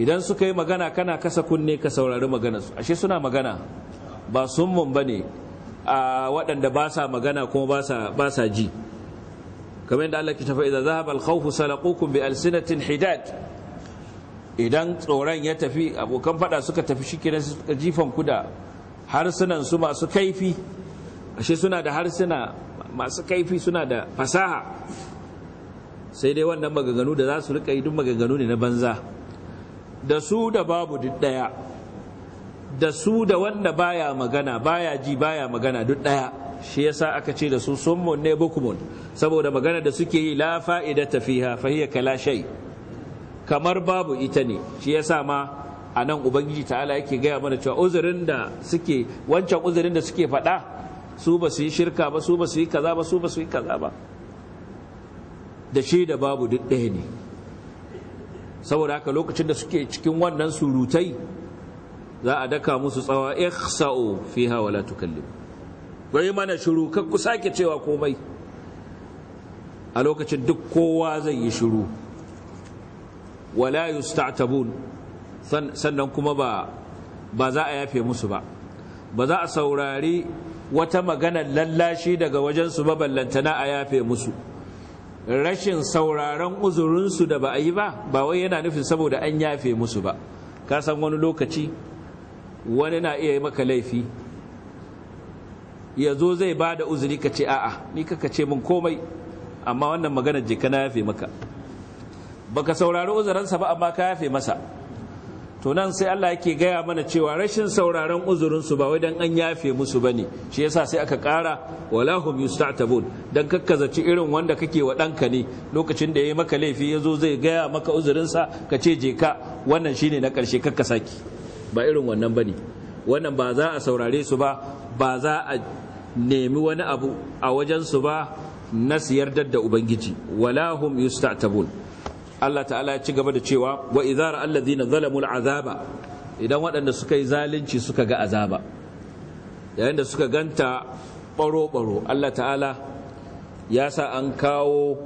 idan suka yi magana kana kasa kunne ka saurari maganarsu ashe suna magana ba summun bane A waɗanda ba sa magana kuma ba sa ji kamar yadda Allah ke tafa idza zahaba bal khawfu salaqukum bi alsinatin hidad idan tsoron ya tafi abokan fada suka tafi shi shikenan suka jifan kuda harsunan su masu kaifi ashe suna da harsuna masu kaifi suna da fasaha sai dai wannan magaganu da za su rika yi duk magaganu ne na banza da su da babu duk daya da su da wanda baya magana baya ji baya magana duk ɗaya shi yasa aka ce da su summun ne bukumun saboda magana da suke yi la fa'ida fa hiya kala shay kamar babu ita ne shi yasa ma anan ubangiji ta'ala yake gaya mana cewa uzurin da suke wancan uzurin da suke faɗa su ba su yi shirka ba su ba su yi kaza ba su ba su yi kaza ba da shi da babu duk ɗaya ne saboda haka lokacin da suke cikin wannan surutai za a daka musu tsawa ikhsa'u fiha wala tukallim wai mana shiru kar ku sake cewa komai a lokacin duk kowa zai yi shiru wala yusta'tabun sannan kuma ba ba za a yafe musu ba ba za a saurari wata maganar lallashi daga wajen su ba ballantana a yafe musu rashin sauraron uzurinsu da ba a yi ba ba wai yana nufin saboda an yafe musu ba ka san wani lokaci wani na iya yi maka laifi ya zo zai ba da uzuri ka ce a'a ni ka ce min komai amma wannan magana je ka na yafe maka baka saurari uzuransa ba amma ka yafe masa to nan sai Allah yake gaya mana cewa rashin sauraron uzurinsu ba wai dan an yafe musu ba ne shi yasa sai aka kara walahum yusta'tabun dan kakkazaci irin wanda kake wa danka ne lokacin da yayi maka laifi yazo zai gaya maka uzurinsa ka ce je ka wannan shine na karshe kakka saki ba irin wannan bane wannan ba za a saurare su ba ba za a nemi wani abu a wajen su ba na siyar da ubangiji walahum hum yustatabun Allah ta'ala ya ci gaba da cewa wa idza ra'a alladhina zalamu al'azaba idan waɗanda suka yi zalunci suka ga azaba yayin da suka ganta baro baro Allah ta'ala ya sa an kawo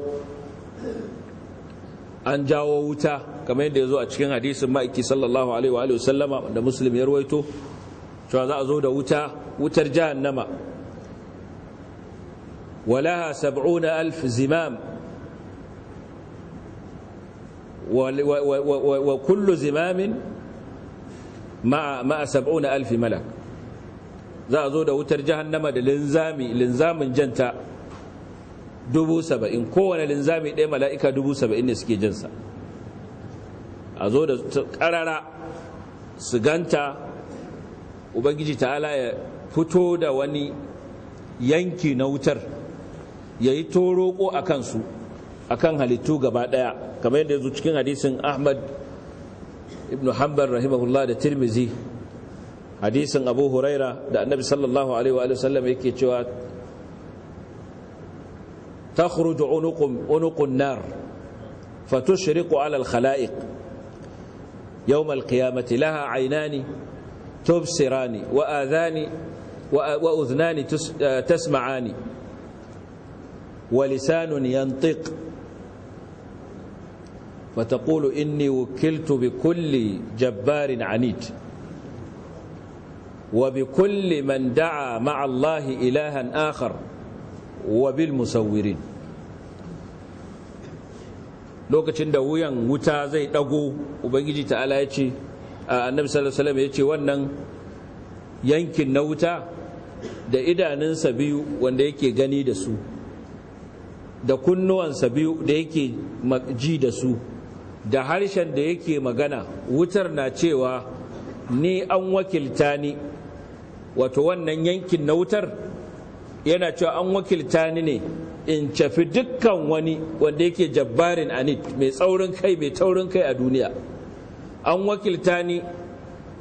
an jawo wuta kamar yadda ya zo a cikin hadisin ma'aiki sallallahu alaihi wa alihi sallama da muslim ya ruwaito cewa za a zo da wuta wutar jahannama walaha sab'una alf zimam wa kullu zimamin ma'a sab'una alf malak za a zo da wutar jahannama da linzami linzamin janta dubu saba'in kowane linzami ɗaya mala'ika dubu saba'in ne suke jinsa a zo da ƙarara su ganta ubangiji ta'ala ya fito da wani yanki na wutar ya yi toroko a kansu a kan halittu gaba ɗaya kamar yadda ya zo cikin hadisin ahmad ibn hanbal rahimahullah da tirmizi hadisin abu huraira da annabi sallallahu alaihi wa sallam yake cewa تخرج عنق عنق النار فتشرق على الخلائق يوم القيامة لها عينان تبصران وآذان وأذنان تسمعان ولسان ينطق فتقول إني وكلت بكل جبار عنيد وبكل من دعا مع الله إلها آخر wa bil lokacin da wuyan wuta zai dago ubangiji ta'ala ya ce annabi sallallahu alaihi wasallam ya ce wannan yankin na wuta da idanunsa biyu wanda yake gani da su da kunnuwansa biyu da yake ji da su da harshen da yake magana wutar na cewa ni an wakilta ni wato wannan yankin na wutar yana cewa an wakilta ni ne in cafi dukkan wani wanda yake jabbarin anid mai tsaurin kai mai taurin kai a duniya an wakilta ni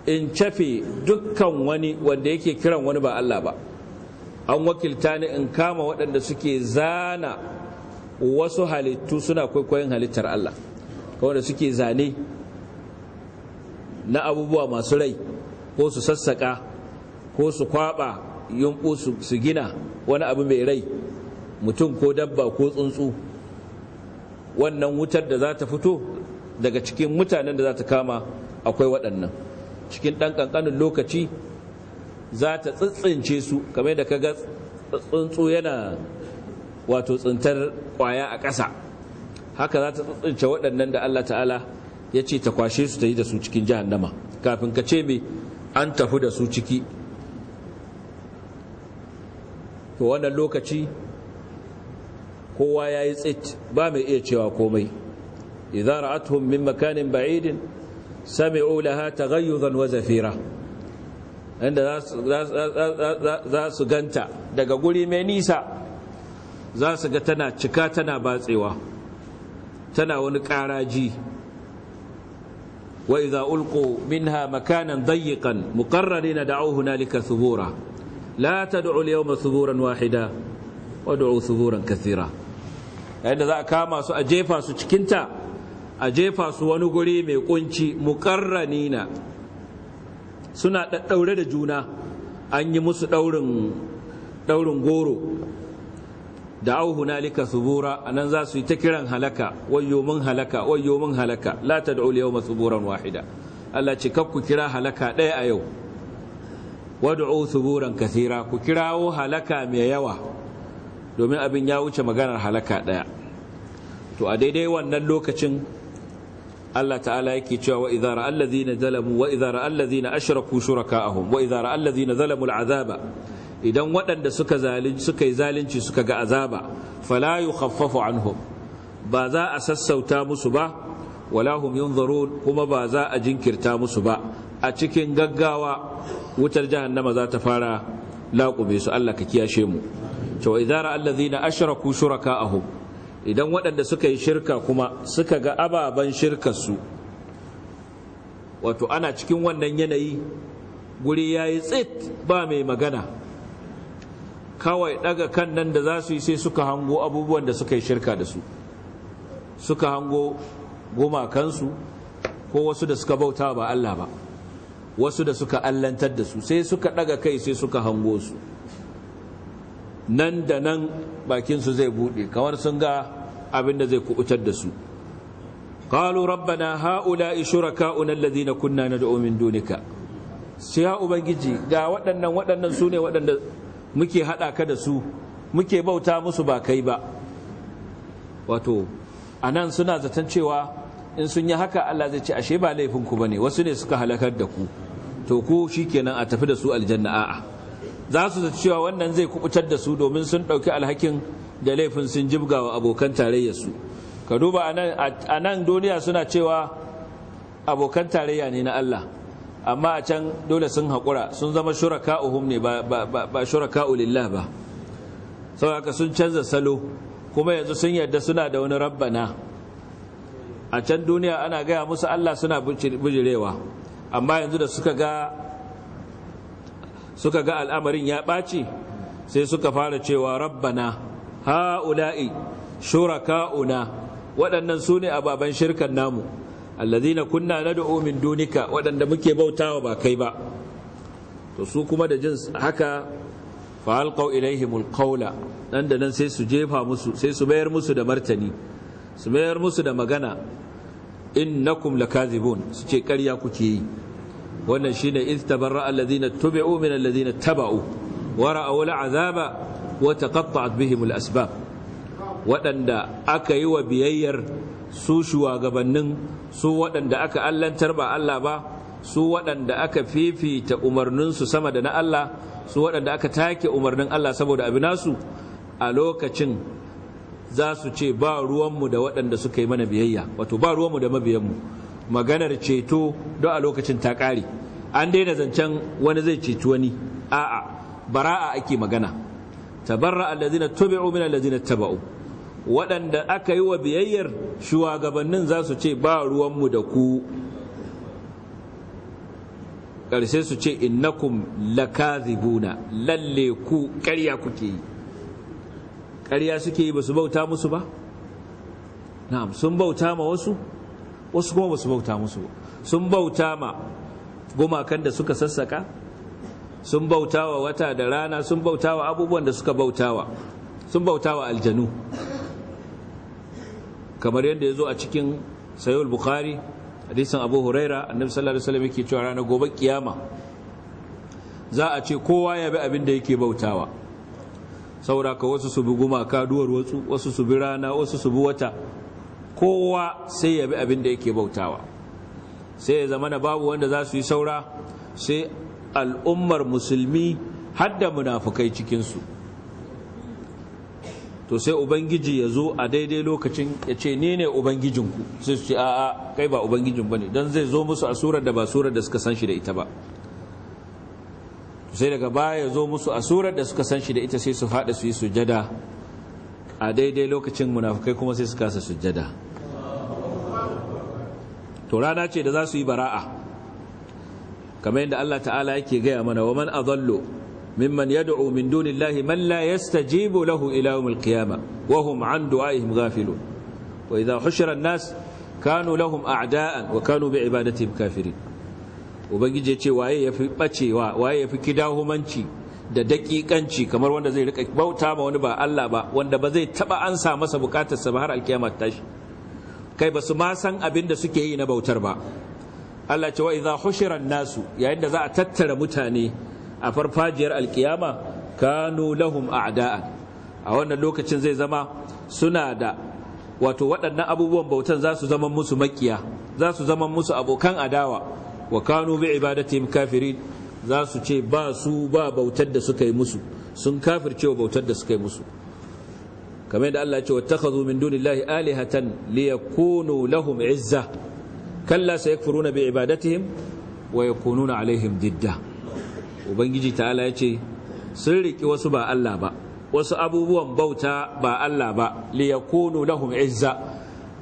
in cafe dukkan wani wanda yake kiran wani ba Allah ba an wakilta ni in kama waɗanda suke zana wasu halittu suna kwaikwayon halittar Allah wanda suke zane na abubuwa masu rai ko su sassaka ko su kwaba yunƙu su gina wani abu mai rai mutum ko dabba ko tsuntsu wannan wutar da za ta fito daga cikin mutanen da za ta kama akwai waɗannan cikin ɗan ƙanƙanin lokaci za ta tsintsince su kamar da ka ga tsuntsu yana wato tsintar ƙwaya a ƙasa haka za ta tsintsince waɗannan da Allah ta'ala ya ce ta kwashe su ta yi da su cikin jahannama kafin ka ce mai an tafi da su ciki to wannan lokaci kowa ya yi tsit ba mai iya cewa komai idza ra'atuhum min makanin ba'idin sami laha taghayyuzan wa zafira inda za su ganta daga guri mai nisa za su ga tana cika tana batsewa tana wani ƙaraji wa idza ulqu minha makanan dayyiqan muqarrarina da'u hunalika thubura la tad'u al wahida wad'u thuburan kathira yadda za a kama su a jefa su cikin a jefa su wani guri mai kunci muqarranina suna daddaure da juna an yi musu ɗaurin daurin goro da auhuna hunalika subura anan za su yi ta kiran halaka wayyo mun halaka wayyo mun halaka la tad'u al-yawma wahida Allah ce ku kira halaka ɗaya a yau wad'u thuburan kathira ku kirawo halaka mai yawa domin abin ya wuce maganar halaka daya to a daidai wannan lokacin Allah ta'ala yake cewa wa idza allazina zalamu wa idza allazina ashraku shuraka'ahum wa idza allazina zalamu al'azaba idan waɗanda suka zalunci suka yi zalunci suka ga azaba fala yukhaffafu anhum ba za a sassauta musu ba wala hum yunzarun kuma ba za a jinkirta musu ba a cikin gaggawa wutar jihar jahannama za ta fara laƙube su Allah ka kiyashe mu Cewa idara allazina ashraku shuraka'ahum idan waɗanda suka yi shirka kuma suka ga ababen shirkarsu. wato ana cikin wannan yanayi guri yi tsit ba mai magana kawai ɗaga kan nan da za su yi sai suka hango abubuwan da suka yi shirka da su suka hango gumakansu ko wasu da suka bauta ba Allah ba wasu da suka allantar da su sai suka daga kai sai suka hango su nan da nan bakinsu zai buɗe kamar sun ga abin da zai kubutar da su qalu rabbana haula shuraka'una alladhina kunna nad'u min dunika sai ya ubangiji ga waɗannan waɗannan su ne waɗanda muke haɗa ka da su muke bauta musu ba kai ba wato anan suna zaton cewa in sun yi haka Allah zai ce ashe ba laifinku bane wasu ne suka halakar da ku to ko kenan a tafi da su aljanna a'a za su cewa wannan zai kubutar da su domin sun ɗauki alhakin da laifin sun jibga wa abokan tarayyarsu ka duba a nan duniya suna cewa abokan tarayya ne na Allah amma a can dole sun haƙura sun zama uhum ne ba shuraka ulillah ba saboda sun canza salo kuma yanzu sun yarda suna da wani rabbana a can duniya ana gaya musu Allah suna bijirewa amma yanzu da suka ga suka ga al'amarin ya ɓaci sai suka fara cewa rabbana ha'ula'i shuraka'una waɗannan su ne ababen shirkan namu allazina kunna na da'omin dunika waɗanda muke bautawa ba kai ba to su kuma da jin haka fa alqaw ilaihimul nan da nan sai su jefa musu sai su mayar musu da martani su mayar musu da magana innakum lakazibun su ce ƙarya kuke yi wannan shine iz tabarra alladhina tubi'u min alladhina taba'u wa ra'aw al'azaba wa taqatta'at bihim al'asbab waɗanda aka yi wa biyayyar su shugabannin su waɗanda aka allantar ba Allah ba su waɗanda aka fifita umarninsu sama da na Allah su waɗanda aka take umarnin Allah saboda abinasu nasu a lokacin za su ce ba ruwanmu da waɗanda suka yi mana biyayya wato ba ruwanmu da mabiyanmu maganar ceto don a lokacin ta ƙare an daina zancen wani zai ceci wani a'a bara'a ake magana tabarra allazina tubi'u min allazina taba'u waɗanda aka yi wa biyayyar shugabannin za su ce ba ruwanmu da ku ƙarshe su ce innakum lakazibuna lalle ku karya kuke yi ƙarya suke yi ba su bauta musu ba na'am sun bauta ma wasu wasu kuma ba su bauta musu ba sun bauta ma gumakan da suka sassaka sun bauta wa wata da rana sun bauta wa abubuwan da suka bauta wa sun bauta wa aljanu kamar yadda ya zo a cikin sayul bukhari hadisin abu huraira annabi sallallahu alaihi wasallam yake cewa ranar gobe kiyama za a ce kowa ya bi abin da yake bautawa Saura ka wasu su bi gumaka duwar wasu wasu su bi rana wasu su bi wata kowa sai ya bi abin da yake bautawa sai ya zama babu wanda za su yi saura sai al'ummar musulmi hadda munafukai cikinsu to sai ubangiji ya zo a daidai lokacin ya ce ni ne ubangijinku sai su ce a'a kai ba ubangijin ba ne don zai zo musu a surar da ba surar da suka san shi da ita ba sai daga baya ya zo musu a surar da suka san shi da ita sai su faɗa su yi sujada a daidai lokacin munafukai kuma sai su kasa sujada to rana ce da za su yi bara'a kamar yadda Allah ta'ala yake gaya mana wa man adallu mimman yad'u min dunillahi man la yastajibu lahu ila yawmil qiyamah wa hum an du'aihim ghafilun wa idha hushira an-nas kanu lahum a'da'an wa kanu bi ibadatihim kafirin ubangiji ya ce waye ya fi bacewa waye ya fi kidahumanci da daƙiƙanci kamar wanda zai rika bauta ma wani ba Allah ba wanda ba zai taɓa an sa masa bukatarsa ba har alkiyama shi kai ba su ma san abin da suke yi na bautar ba Allah ce wa idza hushira nasu yayin da za a tattara mutane a farfajiyar alkiyama kanu lahum a'da'a a wannan lokacin zai zama suna da wato waɗannan abubuwan bautan za su zama musu makiya za su zama musu abokan adawa wa kanu bi ibadatihim kafirin za su ce ba su ba bautar da suka yi musu sun kafirce wa bautar da suka yi musu kamar da Allah ya ce wattakhadhu min dunillahi alihatan liyakunu lahum izza kalla sayakfuruna bi ibadatihim wa yakununa alaihim didda ubangiji ta'ala ya ce sun riki wasu ba Allah ba wasu abubuwan bauta ba Allah ba liyakunu lahum izza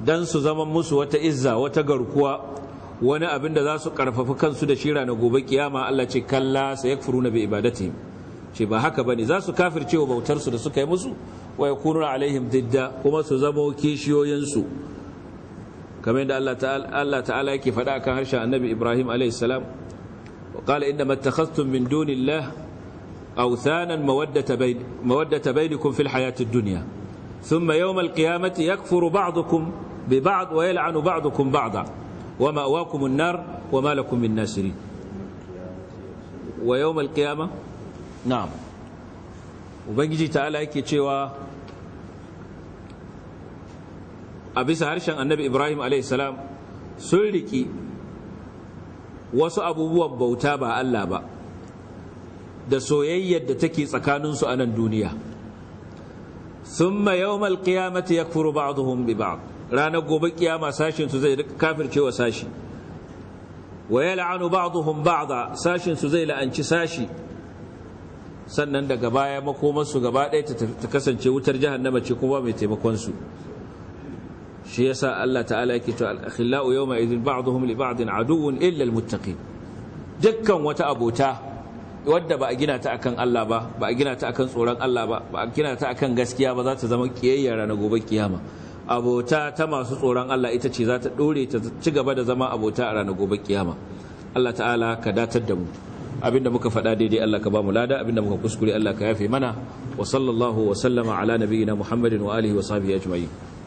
dan su zama musu wata izza wata garkuwa wani abin da za su karfafi kansu da shira na gobe kiyama Allah ce kalla sai sa yakfuruna bi ibadati ce ba haka bane za su kafirce wa bautar su da suka yi musu wa yakununa alaihim didda kuma su zama kishiyoyin su kamar yadda Allah ta'ala Allah ta'ala yake faɗa kan harshen Annabi Ibrahim alaihi salam wa qala inna mattakhastum min dunillah awthanan mawaddata bayn mawaddata baynikum fil hayatid dunya thumma yawm al-qiyamati yakfuru ba'dukum bi ba'd wa yal'anu wa ma'awakumun nar wa malakum min wa yawmal na'am ubangiji ta'ala yake cewa a bisa harshen annabi ibrahim alaihissalam sun riƙe wasu abubuwan bauta ba allah ba da soyayyar da take tsakaninsu a nan duniya ثم ya kuru يكفر بعضهم ببعض ranar gobe kiyama sashin su zai kafircewa sashi wa yal'anu ba'dhum ba'dha sashin su zai la'anci sashi sannan daga baya su gaba ɗaya ta kasance wutar jahannama ce kuma mai taimakon su shi yasa Allah ta'ala yake to al-akhillau yawma idhin ba'dhum li ba'din aduwwun illa al-muttaqin dukkan wata abota wadda ba a gina ta akan Allah ba ba a gina ta akan tsoron Allah ba ba a gina ta akan gaskiya ba za ta zama kiyayya ranar gobe kiyama abota ta masu tsoron Allah ita ce za ta ɗore ta ci gaba da zama abota a ranar gobe kiyama Allah ta'ala ka datar da mu abinda muka faɗa daidai Allah ka ba mu lada abinda muka kuskure Allah ka yafe mana wa sallallahu wa sallama ala nabiyyina Muhammadin wa alihi wa sahbihi ajma'in